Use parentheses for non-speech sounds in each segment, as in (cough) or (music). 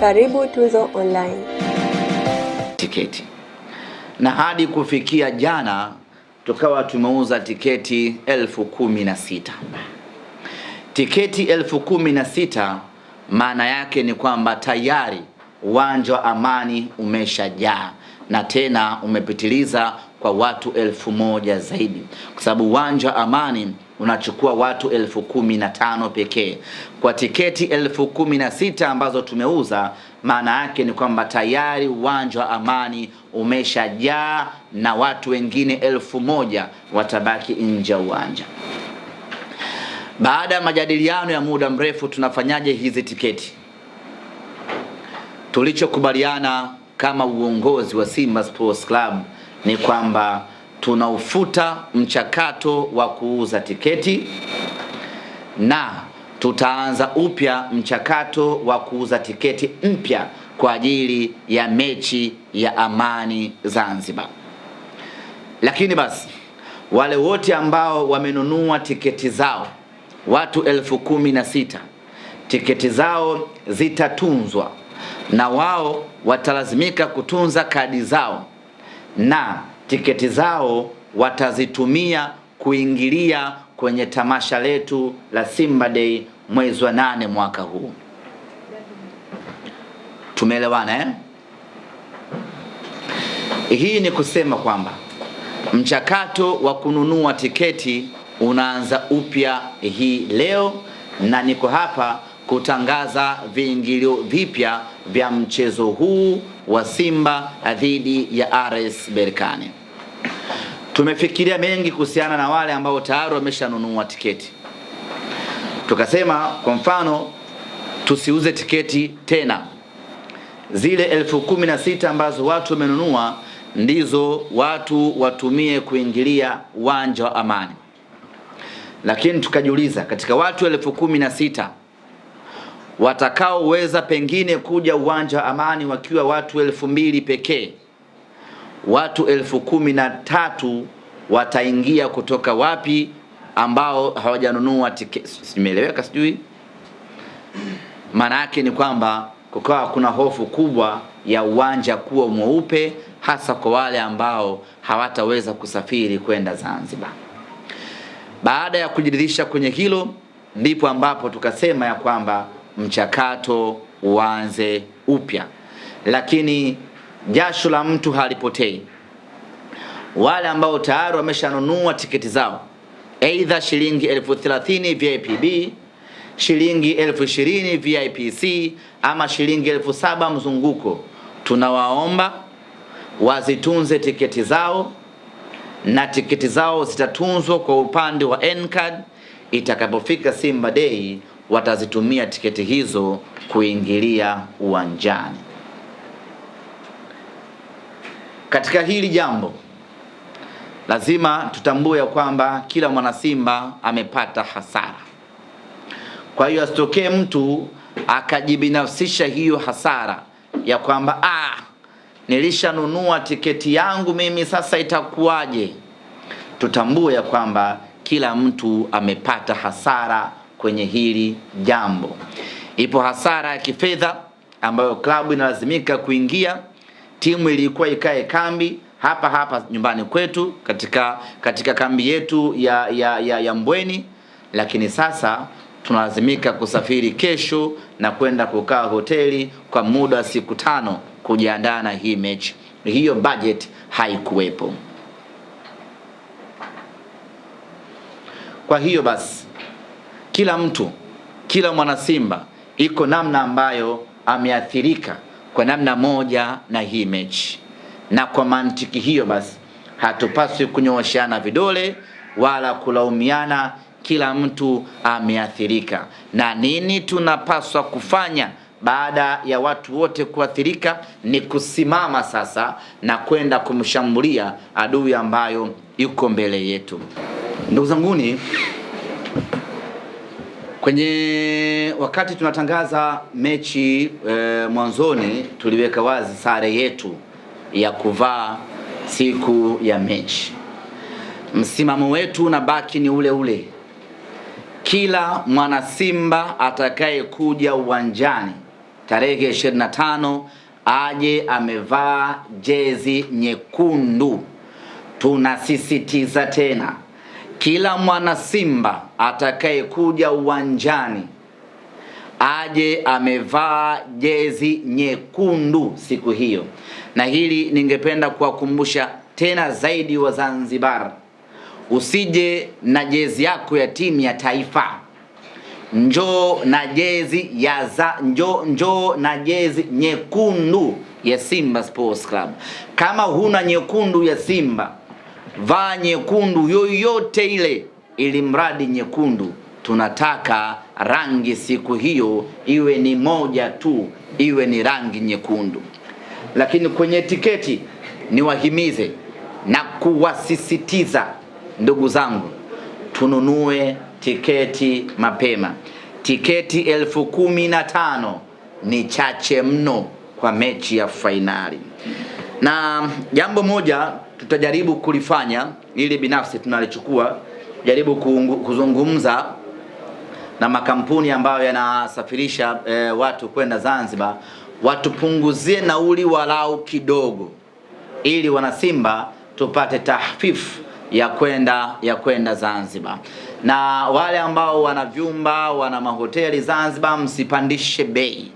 Karibu Tuzo Online. Tiketi na hadi kufikia jana tukawa tumeuza tiketi elfu kumi na sita tiketi elfu kumi na sita maana yake ni kwamba tayari uwanja wa Amani umeshajaa na tena umepitiliza kwa watu elfu moja zaidi kwa sababu uwanja wa Amani unachukua watu elfu kumi na tano pekee kwa tiketi elfu kumi na sita ambazo tumeuza. Maana yake ni kwamba tayari uwanja wa Amani umeshajaa na watu wengine elfu moja watabaki nje ya uwanja. Baada ya majadiliano ya muda mrefu, tunafanyaje hizi tiketi? Tulichokubaliana kama uongozi wa Simba Sports Club ni kwamba tunaufuta mchakato wa kuuza tiketi na tutaanza upya mchakato wa kuuza tiketi mpya kwa ajili ya mechi ya Amani Zanzibar. Lakini basi wale wote ambao wamenunua tiketi zao watu elfu kumi na sita tiketi zao zitatunzwa na wao watalazimika kutunza kadi zao na tiketi zao watazitumia kuingilia kwenye tamasha letu la Simba Day mwezi wa nane mwaka huu. Tumeelewana eh? Hii ni kusema kwamba mchakato wa kununua tiketi unaanza upya hii leo, na niko hapa kutangaza viingilio vipya vya mchezo huu wa Simba dhidi ya RS Berkane. Tumefikiria mengi kuhusiana na wale ambao tayari wameshanunua tiketi, tukasema kwa mfano tusiuze tiketi tena. Zile elfu kumi na sita ambazo watu wamenunua ndizo watu watumie kuingilia uwanja wa Amani, lakini tukajiuliza katika watu elfu kumi na sita watakaoweza pengine kuja uwanja wa Amani wakiwa watu elfu mbili pekee, watu elfu kumi na tatu wataingia kutoka wapi ambao hawajanunua tiketi. Simeeleweka sijui. Maana yake ni kwamba kukawa kuna hofu kubwa ya uwanja kuwa mweupe, hasa kwa wale ambao hawataweza kusafiri kwenda Zanzibar. Baada ya kujiridhisha kwenye hilo, ndipo ambapo tukasema ya kwamba mchakato uanze upya, lakini jasho la mtu halipotei wale ambao tayari wameshanunua tiketi zao, aidha shilingi elfu thelathini VIPB, shilingi elfu ishirini VIPC ama shilingi elfu saba mzunguko, tunawaomba wazitunze tiketi zao na tiketi zao zitatunzwa kwa upande wa Ncard. Itakapofika Simba Day watazitumia tiketi hizo kuingilia uwanjani. Katika hili jambo lazima tutambue kwamba kila mwanasimba amepata hasara. Kwa hiyo asitokee mtu akajibinafsisha hiyo hasara ya kwamba ah, nilishanunua tiketi yangu mimi, sasa itakuwaje? Tutambue ya kwamba kila mtu amepata hasara kwenye hili jambo. Ipo hasara ya kifedha ambayo klabu inalazimika kuingia, timu ilikuwa ikae kambi hapa hapa nyumbani kwetu katika, katika kambi yetu ya, ya, ya, ya Mbweni, lakini sasa tunalazimika kusafiri kesho na kwenda kukaa hoteli kwa muda wa siku tano kujiandaa na hii mechi. Hiyo budget haikuwepo. Kwa hiyo basi, kila mtu, kila mwana Simba iko namna ambayo ameathirika kwa namna moja na hii mechi. Na kwa mantiki hiyo basi, hatupaswi kunyooshana vidole wala kulaumiana, kila mtu ameathirika. Na nini tunapaswa kufanya baada ya watu wote kuathirika? Ni kusimama sasa na kwenda kumshambulia adui ambayo yuko mbele yetu. Ndugu zanguni, kwenye wakati tunatangaza mechi e, mwanzoni tuliweka wazi sare yetu ya kuvaa siku ya mechi. Msimamo wetu unabaki ni ule ule. Kila mwana Simba atakayekuja uwanjani tarehe 25 aje amevaa jezi nyekundu. Tunasisitiza tena, kila mwana Simba atakayekuja uwanjani aje amevaa jezi nyekundu siku hiyo na hili ningependa kuwakumbusha tena zaidi wa Zanzibar, usije na jezi yako ya timu ya taifa, njoo na jezi ya za, njoo, njoo na jezi nyekundu ya Simba Sports Club. Kama huna nyekundu ya Simba, vaa nyekundu yoyote ile, ili mradi nyekundu tunataka rangi siku hiyo iwe ni moja tu, iwe ni rangi nyekundu lakini kwenye tiketi niwahimize na kuwasisitiza ndugu zangu, tununue tiketi mapema. Tiketi elfu kumi na tano ni chache mno kwa mechi ya fainali, na jambo moja tutajaribu kulifanya, ili binafsi tunalichukua jaribu kuzungumza na makampuni ambayo yanasafirisha eh, watu kwenda Zanzibar watupunguzie nauli walau kidogo, ili wanasimba tupate tahfifu ya kwenda ya kwenda Zanzibar. Na wale ambao wana vyumba wana mahoteli Zanzibar, msipandishe bei,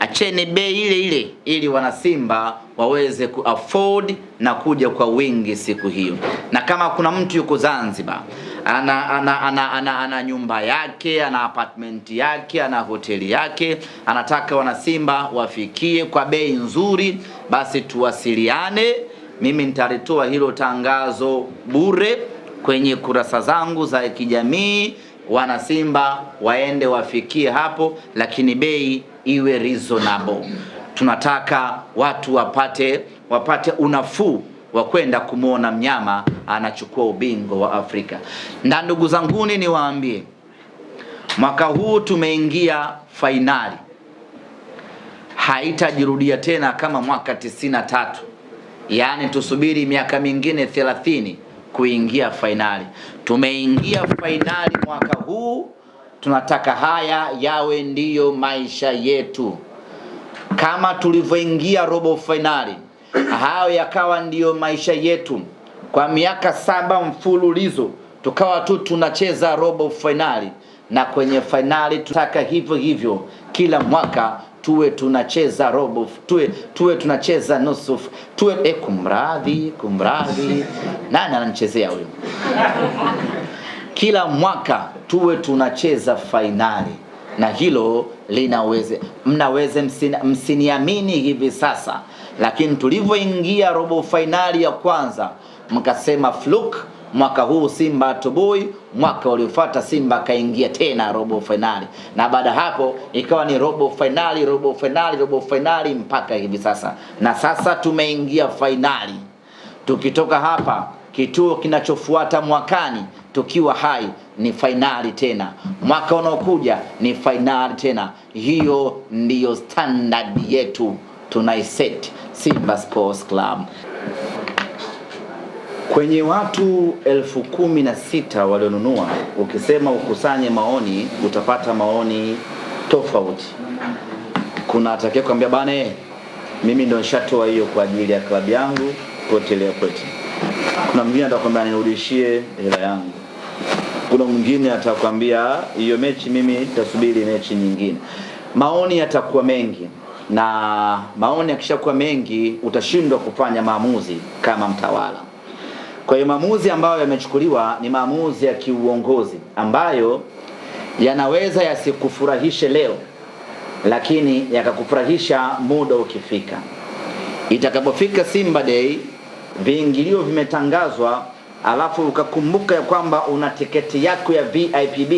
acheni bei ile ile, ili wanasimba waweze afford na kuja kwa wingi siku hiyo. Na kama kuna mtu yuko Zanzibar ana, ana, ana, ana, ana nyumba yake, ana apartment yake, ana hoteli yake, anataka wanasimba wafikie kwa bei nzuri, basi tuwasiliane. Mimi nitalitoa hilo tangazo bure kwenye kurasa zangu za kijamii, wanasimba waende wafikie hapo, lakini bei iwe reasonable. Tunataka watu wapate, wapate unafuu wa kwenda kumwona mnyama anachukua ubingwa wa Afrika. Na ndugu zanguni, niwaambie mwaka huu tumeingia fainali, haitajirudia tena kama mwaka tatu Yaani tusubiri miaka mingine 30 kuingia fainali. Tumeingia fainali mwaka huu, tunataka haya yawe ndiyo maisha yetu, kama tulivyoingia robo fainali Hayo yakawa ndiyo maisha yetu kwa miaka saba mfululizo, tukawa tu tunacheza robo fainali na kwenye fainali tutaka hivyo hivyo, kila mwaka tuwe tunacheza robo, tuwe tuwe tunacheza nusu, tuwe eh, kumradhi, kumradhi, nani ananichezea huyu? Kila mwaka tuwe tunacheza fainali, na hilo linaweze mnaweze msiniamini hivi sasa, lakini tulivyoingia robo fainali ya kwanza mkasema fluke mwaka huu Simba atubui. Mwaka uliofuata Simba akaingia tena robo fainali, na baada hapo ikawa ni robo fainali, robo fainali, robo fainali mpaka hivi sasa, na sasa tumeingia fainali. Tukitoka hapa, kituo kinachofuata mwakani tukiwa hai ni fainali tena, mwaka unaokuja ni fainali tena. Hiyo ndiyo standard yetu tunaiset Simba Sports Club. Kwenye watu elfu kumi na sita walionunua, ukisema ukusanye maoni utapata maoni tofauti. Kuna atakaye kuambia bane, mimi ndo nishatoa hiyo kwa ajili ya klabu yangu potelea kwetu. Kuna mwingine atakwambia nirudishie hela yangu kuna mwingine atakwambia hiyo mechi, mimi tasubiri mechi nyingine. Maoni yatakuwa mengi, na maoni yakishakuwa mengi utashindwa kufanya maamuzi kama mtawala. Kwa hiyo maamuzi ambayo yamechukuliwa ni maamuzi ya kiuongozi ambayo yanaweza yasikufurahishe leo, lakini yakakufurahisha muda ukifika. Itakapofika Simba Day, viingilio vimetangazwa alafu ukakumbuka ya kwamba una tiketi yako ya VIPB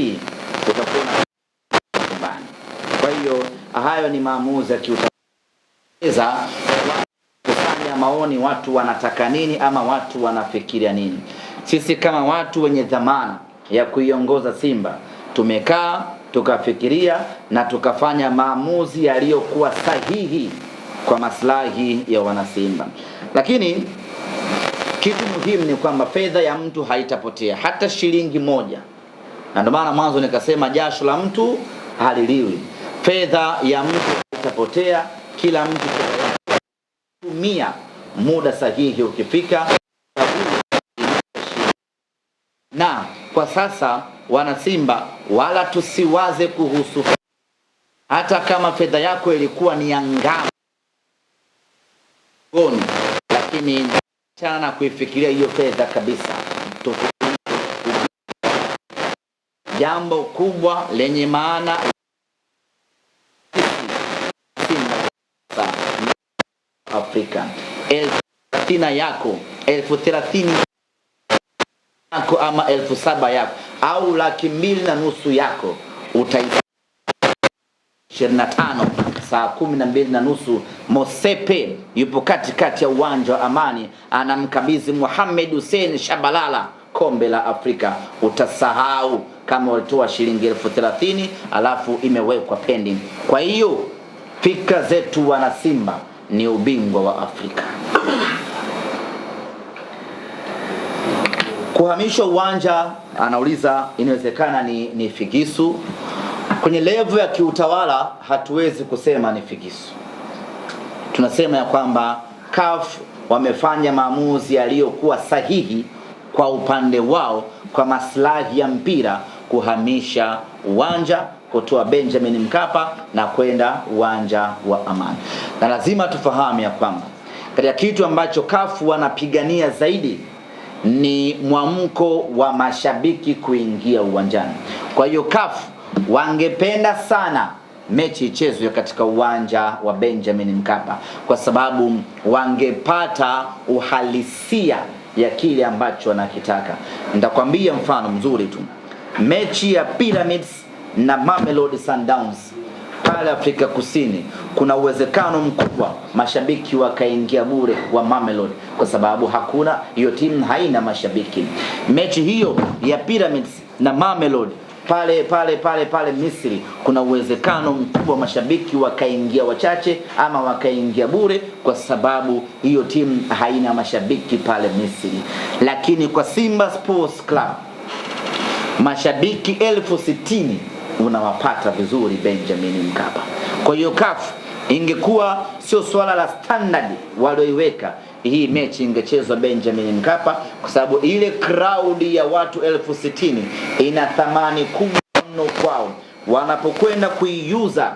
utakuwa Kwa hiyo hayo ni maamuzi ya kiutaweza kufanya maoni, watu wanataka nini ama watu wanafikiria nini. Sisi kama watu wenye dhamana ya kuiongoza Simba tumekaa tukafikiria na tukafanya maamuzi yaliyokuwa sahihi kwa maslahi ya wanasimba, lakini kitu muhimu ni kwamba fedha ya mtu haitapotea hata shilingi moja, na ndio maana mwanzo nikasema jasho la mtu haliliwi. Fedha ya mtu haitapotea, kila mtu tumia muda sahihi ukifika na kwa sasa wanasimba, wala tusiwaze kuhusu hata kama fedha yako ilikuwa ni ya ngano lakini Achana na kuifikiria hiyo fedha kabisa. Mtoto jambo kubwa lenye maana Afrika, elfu thelathini yako, elfu thelathini yako ama elfu saba yako au laki mbili na nusu yako utai 25 saa kumi na mbili na nusu Mosepe yupo katikati ya uwanja wa Amani, anamkabidhi Muhammad Hussein Shabalala kombe la Afrika. Utasahau kama walitoa shilingi elfu thelathini alafu imewekwa pending. Kwa hiyo fikra zetu wana Simba ni ubingwa wa Afrika. Kuhamishwa uwanja, anauliza inawezekana ni, ni figisu Kwenye levu ya kiutawala hatuwezi kusema ni figisu, tunasema ya kwamba CAF wamefanya maamuzi yaliyokuwa sahihi kwa upande wao kwa maslahi ya mpira, kuhamisha uwanja kutoa Benjamin Mkapa na kwenda uwanja wa Amani. Na lazima tufahamu ya kwamba katika kitu ambacho CAF wanapigania zaidi ni mwamko wa mashabiki kuingia uwanjani. Kwa hiyo CAF wangependa sana mechi ichezwe katika uwanja wa Benjamin Mkapa kwa sababu wangepata uhalisia ya kile ambacho wanakitaka. Nitakwambia mfano mzuri tu, mechi ya Pyramids na Mamelodi Sundowns pale Afrika Kusini, kuna uwezekano mkubwa mashabiki wakaingia bure wa Mamelodi kwa sababu hakuna hiyo timu, haina mashabiki. Mechi hiyo ya Pyramids na Mamelodi pale pale pale pale Misri, kuna uwezekano mkubwa mashabiki wakaingia wachache ama wakaingia bure, kwa sababu hiyo timu haina mashabiki pale Misri. Lakini kwa Simba Sports Club mashabiki elfu sitini unawapata vizuri Benjamin Mkapa. Kwa hiyo CAF ingekuwa sio swala la standard walioiweka hii mechi ingechezwa Benjamin Mkapa, kwa sababu ile crowd ya watu elfu sitini ina thamani kubwa mno kwao wanapokwenda kuiuza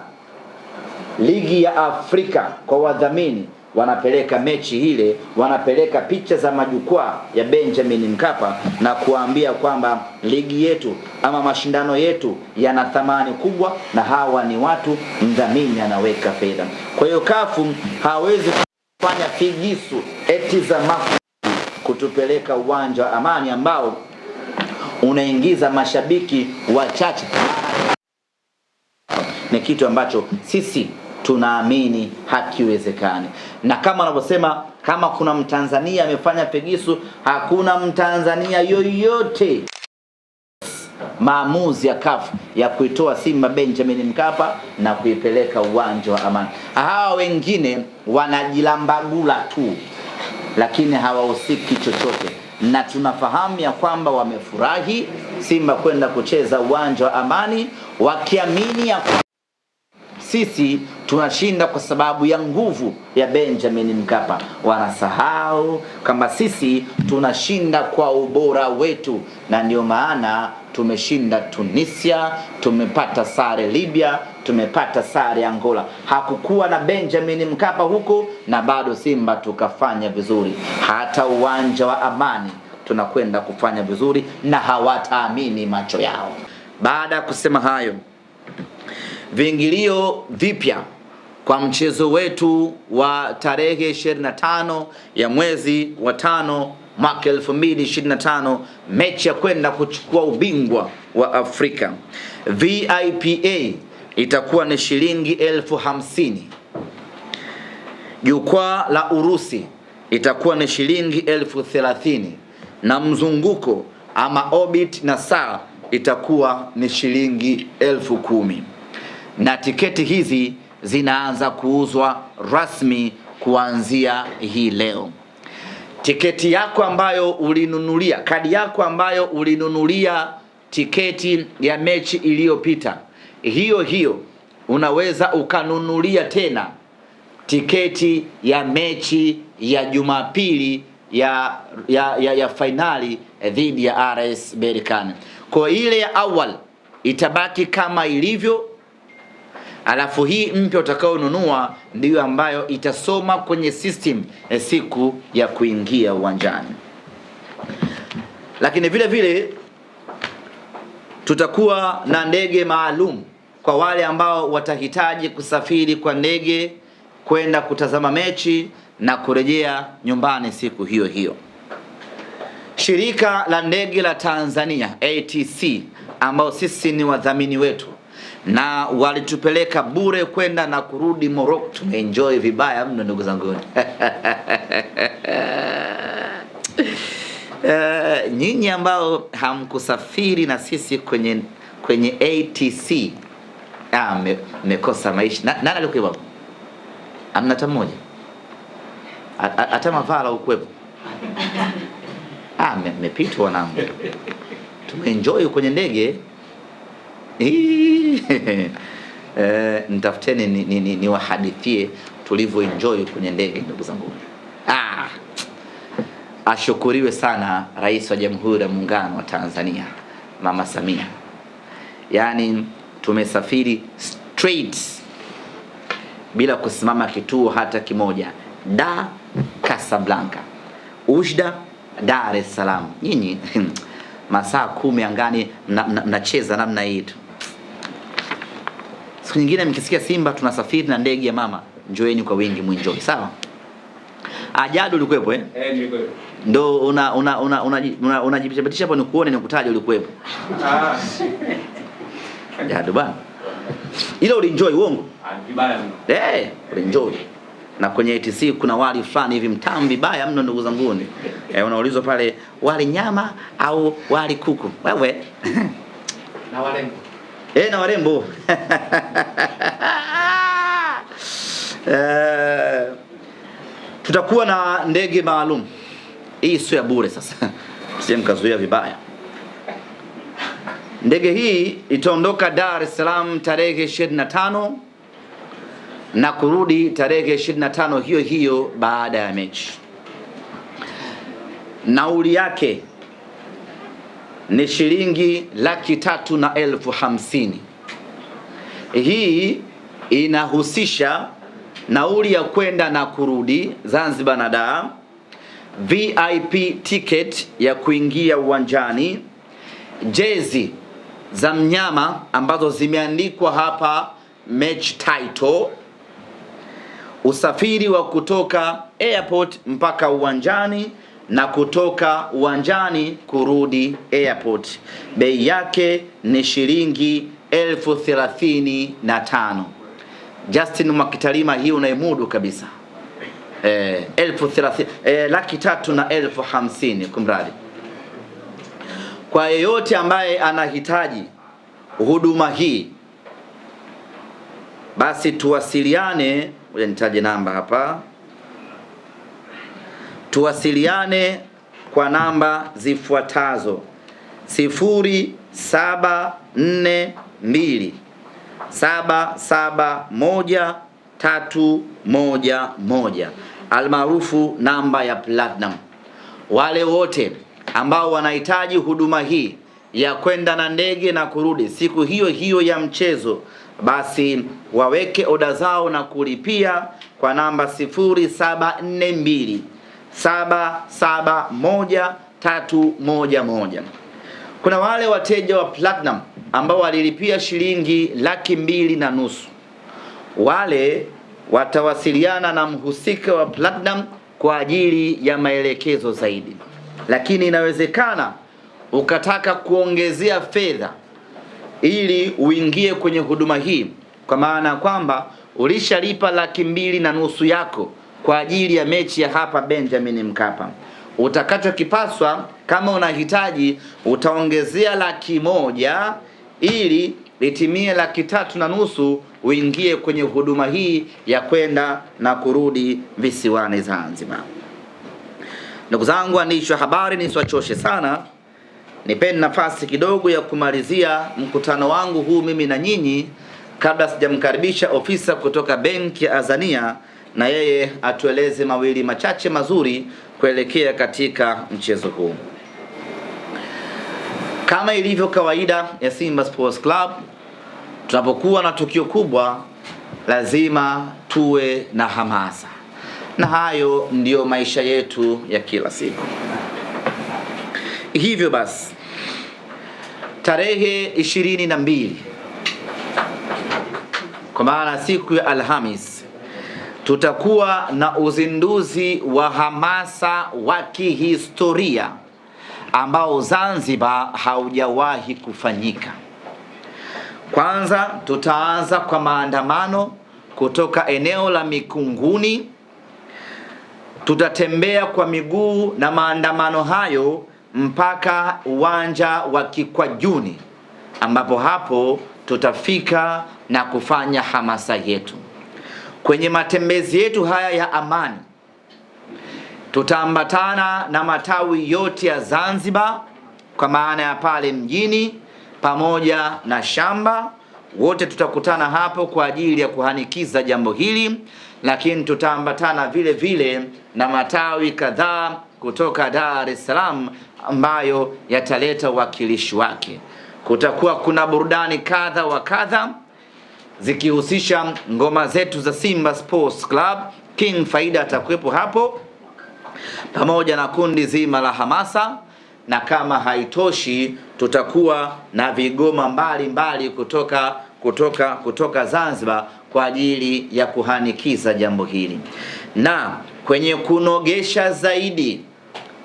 ligi ya Afrika kwa wadhamini wanapeleka mechi ile, wanapeleka picha za majukwaa ya Benjamin Mkapa na kuambia kwamba ligi yetu ama mashindano yetu yana thamani kubwa, na hawa ni watu, mdhamini anaweka fedha. Kwa hiyo kafu hawezi fanya figisu eti za makusudi kutupeleka uwanja wa Amani ambao unaingiza mashabiki wachache, ni kitu ambacho sisi tunaamini hakiwezekani. Na kama wanavyosema, kama kuna mtanzania amefanya figisu, hakuna mtanzania yoyote maamuzi ya CAF ya kuitoa Simba Benjamin Mkapa na kuipeleka uwanja wa Amani. Hawa wengine wanajilambagula tu, lakini hawahusiki chochote, na tunafahamu ya kwamba wamefurahi Simba kwenda kucheza uwanja wa Amani wakiamini ya sisi tunashinda kwa sababu ya nguvu ya Benjamin Mkapa. Wanasahau kama sisi tunashinda kwa ubora wetu, na ndio maana tumeshinda Tunisia, tumepata sare Libya, tumepata sare Angola. Hakukuwa na Benjamin Mkapa huko, na bado Simba tukafanya vizuri. Hata uwanja wa Amani tunakwenda kufanya vizuri, na hawataamini macho yao. Baada ya kusema hayo viingilio vipya kwa mchezo wetu wa tarehe 25 ya mwezi wa tano mwaka 2025 mechi ya kwenda kuchukua ubingwa wa Afrika. VIPA itakuwa ni shilingi elfu hamsini. Jukwaa la Urusi itakuwa ni shilingi elfu thelathini na mzunguko ama orbit na saa itakuwa ni shilingi elfu kumi na tiketi hizi zinaanza kuuzwa rasmi kuanzia hii leo. Tiketi yako ambayo ulinunulia, kadi yako ambayo ulinunulia tiketi ya mechi iliyopita, hiyo hiyo unaweza ukanunulia tena tiketi ya mechi ya Jumapili ya, ya, ya, ya fainali dhidi ya RS Berkane. Kwa ile ya awali itabaki kama ilivyo alafu hii mpya utakayonunua ndiyo ambayo itasoma kwenye system eh, siku ya kuingia uwanjani. Lakini vile vile tutakuwa na ndege maalum kwa wale ambao watahitaji kusafiri kwa ndege kwenda kutazama mechi na kurejea nyumbani siku hiyo hiyo. Shirika la ndege la Tanzania ATC, ambao sisi ni wadhamini wetu na walitupeleka bure kwenda na kurudi Morocco. Tumeenjoy vibaya mno ndugu zangu. Uh, (laughs) nyinyi ambao hamkusafiri na sisi kwenye kwenye ATC ah, mmekosa me, maisha. Nani alikuwa hapo? Amna hata mmoja, hata mavala ukuwepo? Ah, mmepitwa wanangu, tumeenjoy kwenye ndege e, (laughs) nitafuteni niwahadithie ni, ni, ni enjoy kwenye ndege ndugu zangu. Ah, ashukuriwe sana Rais wa Jamhuri ya Muungano wa Tanzania Mama Samia, yaani tumesafiri straight bila kusimama kituo hata kimoja, Da Casablanca, Ujda Dar es Salaam. Nyinyi (laughs) masaa kumi angani mnacheza namna hii tu. Siku nyingine mkisikia Simba tunasafiri na ndege ya mama, njoeni kwa wingi muenjoy, sawa? Ajadu ulikuwepo eh? Eh, nilikuwepo. Ndio una una una una unajipitisha hapo nikuone nikutaje ulikuwepo. Ah. Ajadu bana. Ila ulienjoy uongo? Ah, vibaya mno. Eh, ulienjoy. Na kwenye ATC kuna wali fulani hivi mtamu vibaya mno ndugu zangu. Eh, unaulizwa pale wali nyama au wali kuku? Wewe. Na wale e, na warembo (laughs) e, tutakuwa na ndege maalum. Hii sio ya bure sasa, (laughs) sie mkazuia vibaya. Ndege hii itaondoka Dar es Salaam tarehe 25 na kurudi tarehe 25 hiyo hiyo baada ya mechi. Nauli yake ni shilingi laki tatu na elfu hamsini. Hii inahusisha nauli ya kwenda na kurudi Zanzibar na Dar, VIP ticket ya kuingia uwanjani, jezi za mnyama ambazo zimeandikwa hapa match title, usafiri wa kutoka airport mpaka uwanjani na kutoka uwanjani kurudi airport. Bei yake ni shilingi elfu thelathini na tano. Justin Mwakitalima, hii unaimudu kabisa eh, elfu thelathini, eh, laki tatu na elfu hamsini kumradi. Kwa yeyote ambaye anahitaji huduma hii basi tuwasiliane, nitaje namba hapa tuwasiliane kwa namba zifuatazo: sifuri saba nne mbili saba saba moja tatu moja moja almaarufu namba ya Platinum. Wale wote ambao wanahitaji huduma hii ya kwenda na ndege na kurudi siku hiyo hiyo ya mchezo, basi waweke oda zao na kulipia kwa namba 0742 saba saba moja tatu moja moja. Kuna wale wateja wa Platinum ambao walilipia shilingi laki mbili na nusu. Wale watawasiliana na mhusika wa Platinum kwa ajili ya maelekezo zaidi, lakini inawezekana ukataka kuongezea fedha ili uingie kwenye huduma hii, kwa maana ya kwamba ulishalipa laki mbili na nusu yako kwa ajili ya mechi ya hapa Benjamin Mkapa. Utakachokipaswa kama unahitaji utaongezea laki moja ili litimie laki tatu na nusu uingie kwenye huduma hii ya kwenda na kurudi visiwani Zanzibar. Ndugu zangu waandishi wa habari, nisiwachoshe sana, nipeni nafasi kidogo ya kumalizia mkutano wangu huu mimi na nyinyi, kabla sijamkaribisha ofisa kutoka benki ya Azania na yeye atueleze mawili machache mazuri kuelekea katika mchezo huu. Kama ilivyo kawaida ya Simba Sports Club, tunapokuwa na tukio kubwa lazima tuwe na hamasa, na hayo ndiyo maisha yetu ya kila siku. Hivyo basi, tarehe ishirini na mbili kwa maana siku ya Alhamis tutakuwa na uzinduzi wa hamasa wa kihistoria ambao Zanzibar haujawahi kufanyika. Kwanza tutaanza kwa maandamano kutoka eneo la Mikunguni. Tutatembea kwa miguu na maandamano hayo mpaka uwanja wa Kikwajuni ambapo hapo tutafika na kufanya hamasa yetu. Kwenye matembezi yetu haya ya amani tutaambatana na matawi yote ya Zanzibar kwa maana ya pale mjini pamoja na shamba, wote tutakutana hapo kwa ajili ya kuhanikiza jambo hili, lakini tutaambatana vile vile na matawi kadhaa kutoka Dar es Salaam ambayo yataleta uwakilishi wake. Kutakuwa kuna burudani kadha wa kadha zikihusisha ngoma zetu za Simba Sports Club. King Faida atakuwepo hapo pamoja na kundi zima la hamasa, na kama haitoshi tutakuwa na vigoma mbalimbali mbali kutoka, kutoka, kutoka Zanzibar kwa ajili ya kuhanikiza jambo hili na kwenye kunogesha zaidi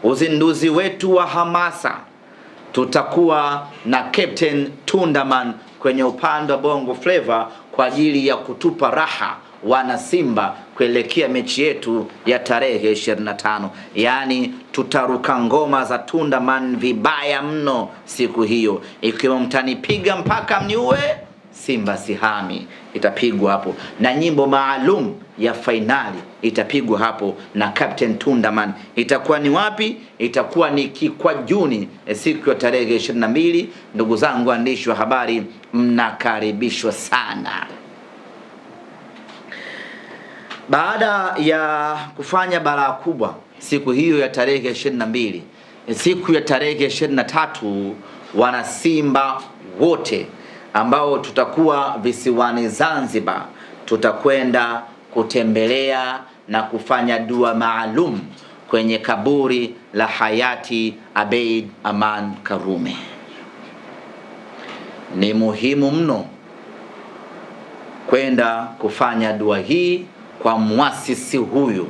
uzinduzi wetu wa hamasa tutakuwa na Captain Tundaman kwenye upande wa Bongo Flava kwa ajili ya kutupa raha wana Simba kuelekea mechi yetu ya tarehe 25, yaani tutaruka ngoma za tunda man vibaya mno siku hiyo, ikiwa mtanipiga mpaka mniue, Simba sihami itapigwa hapo na nyimbo maalum ya fainali itapigwa hapo na Captain Tundaman. Itakuwa ni wapi? Itakuwa ni Kikwajuni eh, siku ya tarehe 22. Ndugu zangu waandishi wa habari, mnakaribishwa sana. Baada ya kufanya balaa kubwa siku hiyo ya tarehe 22, eh, siku ya tarehe 23 wanasimba wote ambao tutakuwa visiwani Zanzibar, tutakwenda kutembelea na kufanya dua maalum kwenye kaburi la hayati Abeid Aman Karume. Ni muhimu mno kwenda kufanya dua hii kwa muasisi huyu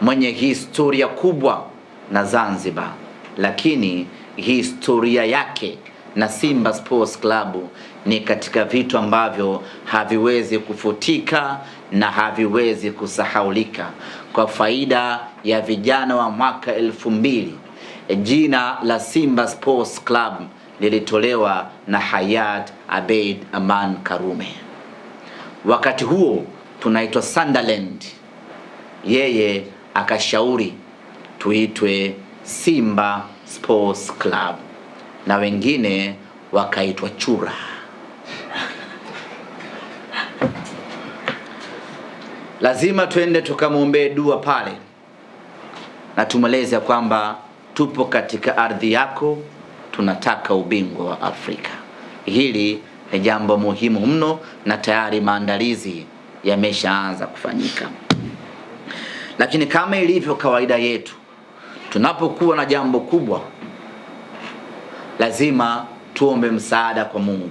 mwenye historia kubwa na Zanzibar, lakini historia yake na Simba Sports Club ni katika vitu ambavyo haviwezi kufutika na haviwezi kusahaulika. Kwa faida ya vijana wa mwaka elfu mbili, jina la Simba Sports Club lilitolewa na Hayat Abeid Aman Karume. Wakati huo tunaitwa Sunderland, yeye akashauri tuitwe Simba Sports Club na wengine wakaitwa chura. Lazima twende tukamwombee dua pale na tumweleze kwamba tupo katika ardhi yako, tunataka ubingwa wa Afrika. Hili ni jambo muhimu mno na tayari maandalizi yameshaanza kufanyika, lakini kama ilivyo kawaida yetu, tunapokuwa na jambo kubwa lazima tuombe msaada kwa Mungu.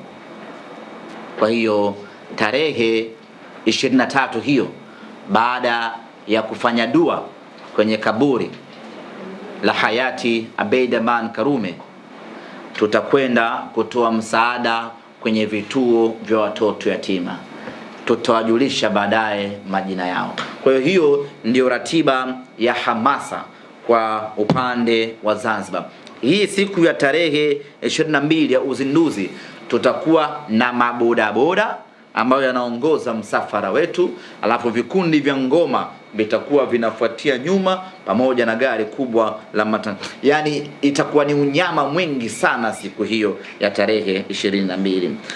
Kwa hiyo tarehe 23 hiyo, baada ya kufanya dua kwenye kaburi la hayati Abeid Aman Karume, tutakwenda kutoa msaada kwenye vituo vya watoto yatima. Tutawajulisha baadaye majina yao. Kwa hiyo hiyo ndiyo ratiba ya hamasa kwa upande wa Zanzibar hii siku ya tarehe 22 ya uzinduzi tutakuwa na mabodaboda ambayo yanaongoza msafara wetu, alafu vikundi vya ngoma vitakuwa vinafuatia nyuma pamoja na gari kubwa la matan. Yani itakuwa ni unyama mwingi sana siku hiyo ya tarehe 22.